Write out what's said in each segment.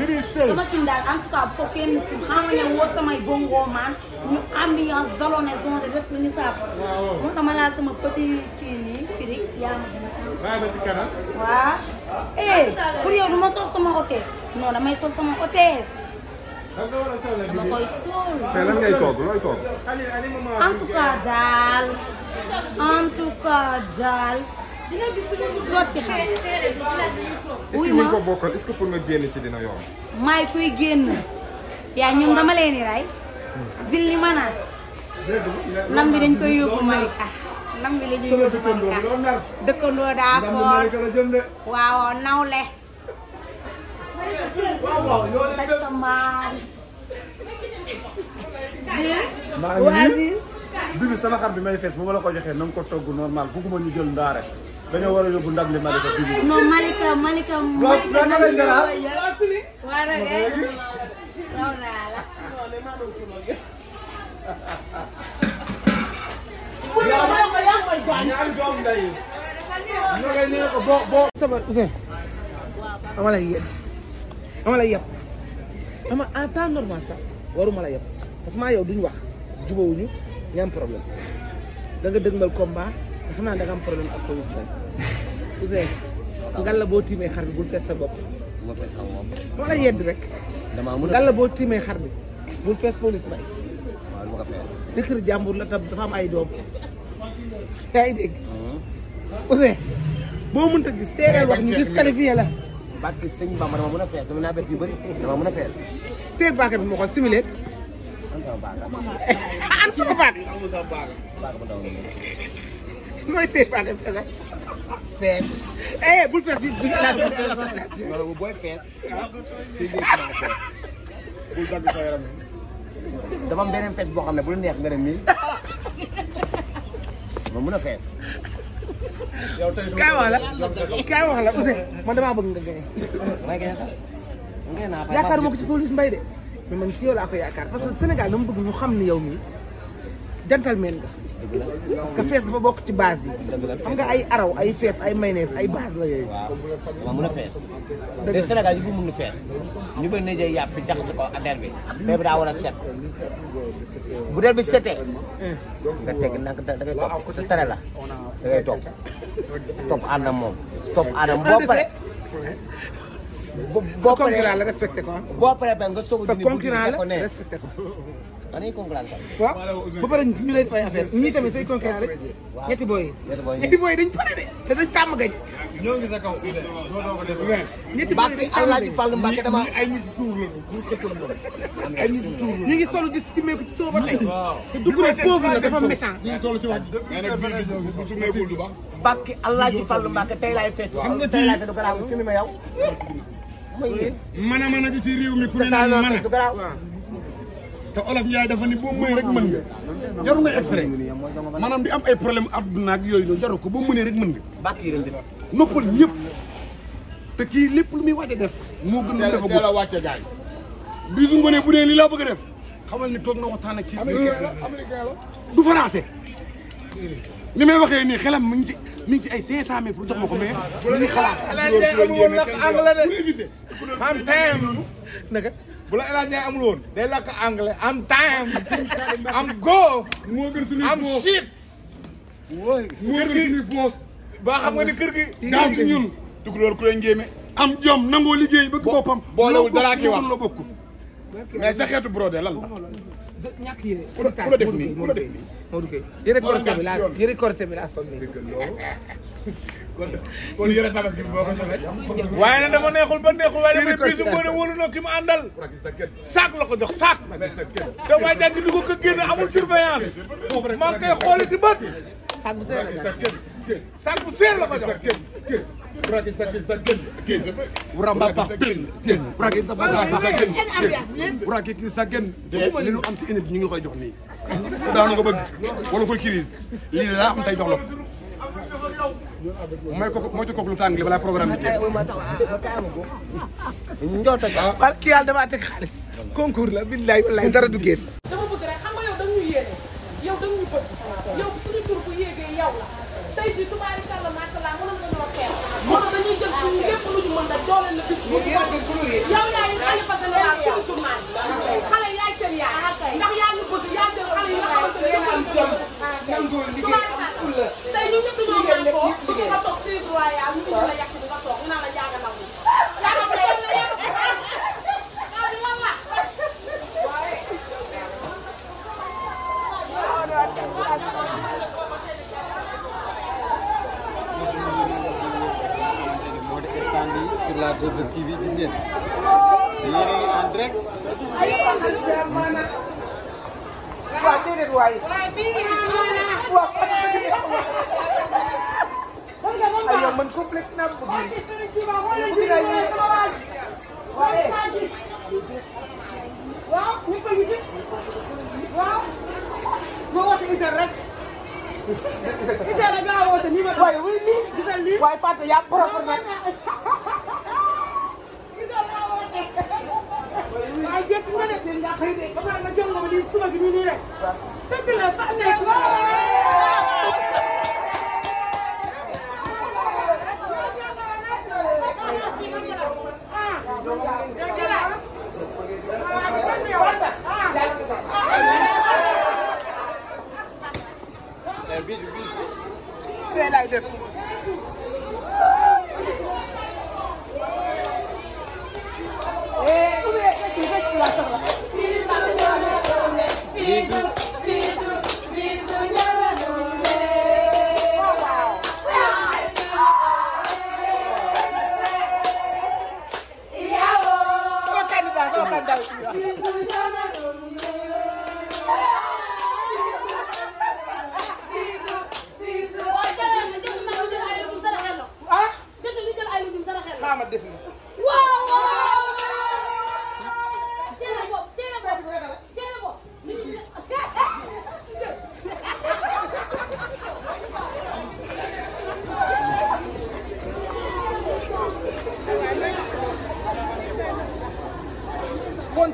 Bébé Seul sama team daal en tout cas bu ko kenn xamal ne woo samay bongo maan ñu ambiance zalone zonge def lu ñu saab sama laal sama petit kii nii firig yaa ma gën a waa eh pour yow du ma sol sama hôtesse non damay sol sama hôtesse dama koy sol mais lan ngay toog looy toog en daal en daal sotti xam. wuy ma ko bokkal est-ce nga génn ci dina yomb. maay kuy génn. yaa ñoom dama leen di rey. Hmm. zilli ma naan. nam bi dañ koy yóbbu Malika. nam bi la ñuy yóbbu Malika dëkkandoo daa ko waaw nawle. daj sa mbaam. maa ngi xar bi may fees bu ma la ko joxee na ko togg normal bugguma ñu jël ndaare. dañoo war a yóbbu ndam li Malika fii. non Malika Malika. Malika ndam li la. boo boo. sabal Ousseyn dama lay en temps normal sax waruma la yeb parce que maa yow duñ wax jubawuñu ña am problème da nga dëgmal combat te xam naa da nga problème ak production Ouzin la boo tiimee xar bi bul fees sa bopp. bu ma sa bopp. wala yedd rek. damaa mun boo tiimee xar bi bul fees police bay. waaw lu ma la tam dafa am ay doom. yaa ngi dégg. Hmm. Ouzin boo mënta gis teelal wax ñu disqualifié la. bàkk sëñ bi ma ko similé. nooy feebaane feesal. fees. eh bul fees di di. wala booy fees. beneen fees boo xam ne bu neex nga dem nii. ma mu a fees. yow tey kaay wax la kaay wax la Ousseyn man damaa bëgg nga gagné. may gagné sax. yaakaar ma ko ci police mbay de. a man ci yow laa ko yaakaar parce que Sénégal bëgg ñu xam ni yow gentleman nga parce que fees dafa bokk ci base yi xam nga ay araw ay fees ay mayonnaise ay base la yooyu waaw mën a fees de Sénégal yi bu mën a fees ñu bëgg ne jël yàpp jaxase ko der bi der bi daa war a set bu der bi setee nga teg nag da ngay topp sa tere la da ngay topp topp ànd ak moom topp ànd ak moom boo pare boo paree concurrent la respecté ko ah. boo paree ba nga soog a dindi bu ko ne dañuy concurrent waaw ba pare ñu lay rek ñetti booy ñetti booy dañ pare de te dañ tàmm ñetti booy dañ tàmm gañ Mbacke dama ay nit tuur la bu xëccoon loolu. ci soo ba tey. te foofu dafa méchant. ñu toll ci wax mais nag bii si su meekul du fecc. xam nga tey laay fecc du a mën mi ku ne nag mën te olof Ndiaye dafa ni boo mënee rek mën nga jaru ngay extrait maanaam di am ay problème adduna ak yooyu noonu jaru ko boo mënee rek mën nga noppal ñëpp te kii lépp lu muy waaj a def moo gën lu dafa la wàcce gaay bisu ngoonee bu dee laa bëgg a def xamal ni toog na waxtaan ak ci euh, du français ni may waxee nii xelam mi ci mi ngi ci ay 500000 pour jox ma ko mais mi ngi xalaat. xalaat tey amul woon nag bu la El Hadj Ndiaye amul woon day làkk anglais am time am go. moo gën suñuy am shit. wóoy moo gën ba xam nga ni kër gi. gaaw ci ñun. dugg loolu ku leen géeme. am jom nangoo liggéey bëgg boppam. boolewul dara ki wax la bokkul. mais sa xeetu brodé lan la. ñàkk yére. ku la ku la def nii ku la def nii. Modou Gueye yére korte bi laa yére korte bi laa sonn nii. kon yore tabaski bi boo ko soxee. waaye nag dama neexul ba neexul waaye dama ne bisu ngoone wóolu na ki mu àndal. saak la ko jox saak. te waa jàngi du ko ko génn amul surveillance. maa ngi koy xooli ci bët. saak bu seer la ko jox saak bu seer la ko jox. Buraki sa kii sa gën. kii sa gën. buraki sa gën. buraki kii sa gën. li nu am ci énergie ñu ngi koy jox nii. daanu ko bëgg wala koy crise lii la am tey jox la mooy kooku mooy kooku lu tàng li balaa programme bi. njoo teg parce que yàlla damaa teg xaalis concours la billahi wallahi dara du génn jaar maanaam. waaw déedéet waay. waaw kon déedéet waay. aywa man complexe naa ko bëgg. bëgg naa yéen. waaye. waaw ñu ko ñu def. waaw. ma woote Isel rek. Isel rek laa woote nii ma. waaye wuy nii. Isel nii waaye Fatou yaa propre nag. waaye jekk nga ne. dégg nga xëy de. ba pare nga jox nga ma lii suba bi nii nii rek. dëgg la sax nekk waaw.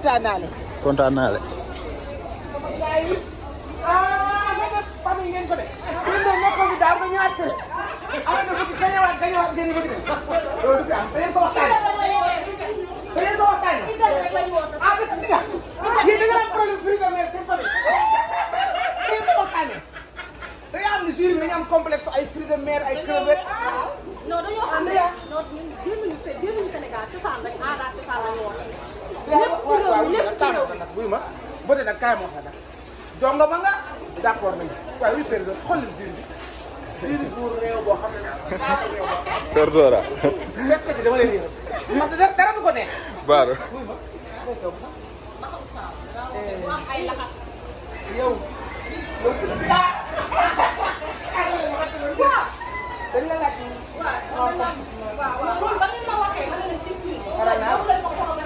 kontaan naa leen. kontaan naa leen. complexe ay fruits de mer ay crevettes. non dañoo xam ne non ñun génnuñu Sénégal cosaan rek aada cosaan la ñu wax. lépp waaw nag kaay ma wax la nag buy ma Mbodj nag kaay ma wax la nag jongo ma nga d'accord nañu waaye oui période bi jur ne ah ko neex. bu eh. ba ngeen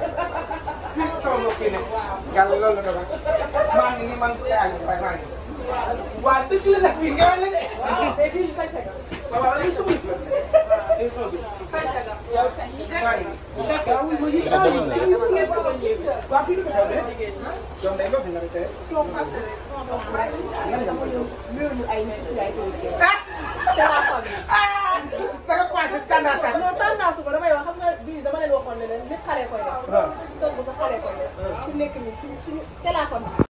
ne yàlla loolu la doon maa ngi nii man ay waaye maa ngi waaw dëgg la nag bii ngelaw la de. waaw mais bii sañ ca ga. waaw léegi sama ji la léegi sama ji. sañ ca ga yow sañ ca ga. waaw wuy ma yii ah yii ci biir suñu yëpp. waaw fii du ko xewlee. donc day bëgg nga rek tey. donc ak nan nga ko yow. mbirum ay ay ay ay. nekk nii suñu suñu c'est la famille